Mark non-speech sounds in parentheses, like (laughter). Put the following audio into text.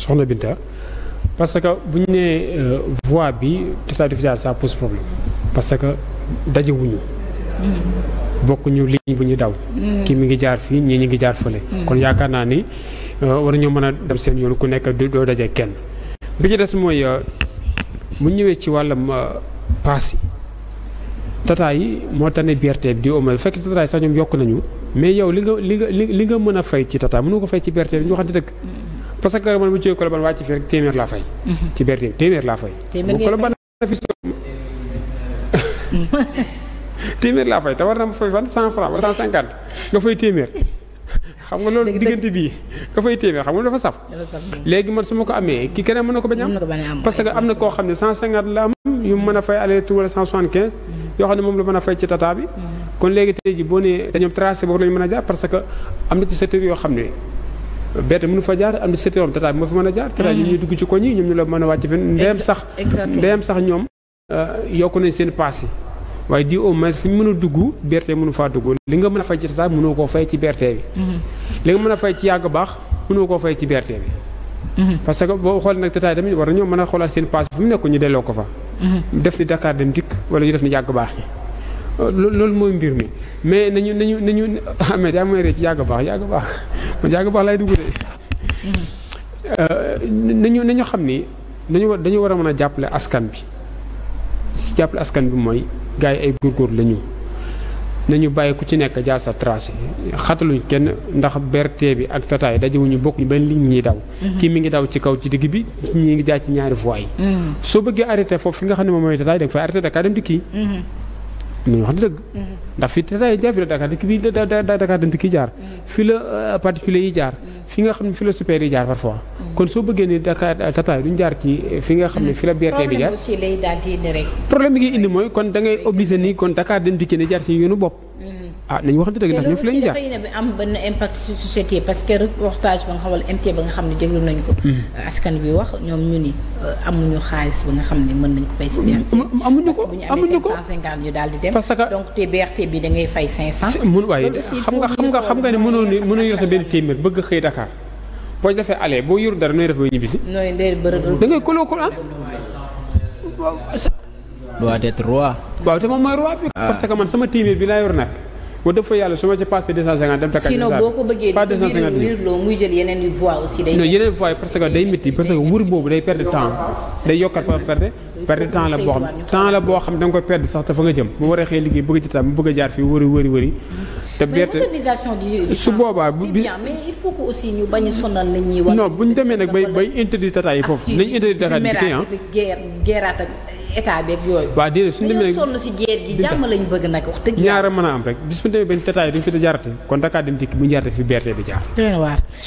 soxna Binta parce que bu ñu nee euh, voie bi état du village ça pose problème parce que dajewuñu mm. bokkuñu ñu ligne bu ñu daw. Mm. kii mi ngi jaar fii ñii ñu ngi jaar fële. Mm. kon yaakaar naa ni euh, war nañoo mën a dem seen yoon ku nekk doo daje kenn. bi ci des mooy mu euh, ñëwee ci wàllum paas yi tata yi moo tane BRT bi di omo fekk si tata sax ñoom yokk nañu mais yow li nga li nga li nga mën a fay ci mun mënu ko fay ci BRT bi ñu waxante dëgg. parce que man bu jógee Colobane wàcc fi rek téeméer laa fay. Mhm. (laughs) téeméer laa fay. te war na ma fay fan cent franc wala cent cinquante nga fay téeméer xam nga loolu diggante bii nga fay téeméer xam nga dafa saf. léegi man su ma ko amee ki keneen mën na ko bañ am parce que am na koo xam ne cent cinquante la am yu mën a fay aller tout wala cent soixante quinze mhm. yoo xam ne moom la mën a fay ci tata bi mhm. kon léegi tey ji boo nee dañoo tracé boobu la mën a jaar parce que am na ci yoo xam ne bette mënu fa jaar am na secteur am tata bi moo fa mën a jaar tata ñoom ñuy mm-hmm. dugg ci koñ yi ñoom ñu la mën a wàcc fen ndeem sax ndeem sax ñoom euh, yokk nañ seen paas yi waaye di au moins fu a dugg berte mënu faa dugg li nga mën a fay koo fay ci berte bi mm-hmm. li nga mën baax mënoo koo fay ci berte bi mm-hmm. parce que boo xool nag tataay tamit war nañoo mën a xoolaat seen paas fu mu nekk ñu delloo ko fa def ni Dakar dem dikk wala ñu def ni yàgg baax yi loolu mooy mbir mi mais nañu nañu nañu Ahmed yaa may rëcc yàgg baax yàgg baax man yàgg baax laay dugg de euh, nañu nañu xam ni dañu war dañu war a mën a jàppale askan bi si jàppale askan bi mooy gaa yi ay góorgóor la ñu nañu bàyyi ku ci nekk jaar sa tracé xataluñ kenn ndax BRT bi ak tataay dajewuñu bokkuñu benn ligne ñuy daw mhm. kii mi ngi daw ci kaw ci digg bi ñii ngi jaar ci ñaari voies yi mhm. soo bëggee arrêté foofu fi nga xam ne mooy tataay da fay arrêté Dakar dem di kii mhm. nañu wax dëgg. ndax fii tataay jaar fii la Dakar bii da da Dakar dem dikk jaar. fi la euh, particulier yi jaar. fi nga xam ne fi la super yi jaar parfois. Mm. kon soo bëggee ni Dakar euh, tataay duñ jaar ci euh, fi nga xam ne fi la BRT bi jaar. Mm. problème aussi indi ngay indi mooy kon da ngay obligé ni kon dakaar dem dikk ne jaar ci yoonu bopp. Mm. ah nañu waxante dëgg ndax ñëpp lañu jaar te loolu am benn impact sur société parce que reportage ba nga xamal MT ba nga xam ne déglu nañu ko. Hmm. Euh, askan bi wax ñoom ñu ni euh, amuñu xaalis ba nga xam ne mën nañu ko fay si BRT. Hmm, hmm, amuñu ko amuñu ko parce que bu ñu amee daal di dem. parce que donc te BRT bi da ngay fay 500. mun waaye xam nga xam nga xam nga ne mënoo ni mënoo yor sa benn téeméer bëgg a xëy Dakar boo defee aller boo yor dara nooy def ba ñibbisi. nooy day bërëb da ngay koloo koloo ah. doit être roi. waaw te moom mooy roi bi. Ah. parce que man sama téeméer bi laa yor nag wax dëgg fa yàlla su ma ci passé 250 dem. Dakar sinon boo ko bëggee pas 250 muy jël yeneen aussi day. non yeneen voies boobu day perdre temps day yokkat par perdre perdre temps la boo xam temps la boo xam da nga koy perdre sax te fa nga jëm bu waree xëy liggéey bëgg ci tam bëgg a jaar fii wëri wëri wëri te berte modernisation du su boobaa c'est bien mais il faut que aussi ñu bañ a sonal wax non bu ñu demee nag bay bay interdit tata yi foofu nañ interdit tata yi kii ah guerre guerraat ak état beeg yooyu waaw déedéet suñu demee sonn si guerre gi jàmm lañ bëgg nag wax dëgg ñaara mën a am rek bis bu demee bañ tata yi duñ fi da jaarate kon Dakar dem dikk bu ñu jaarate fi berte di jaar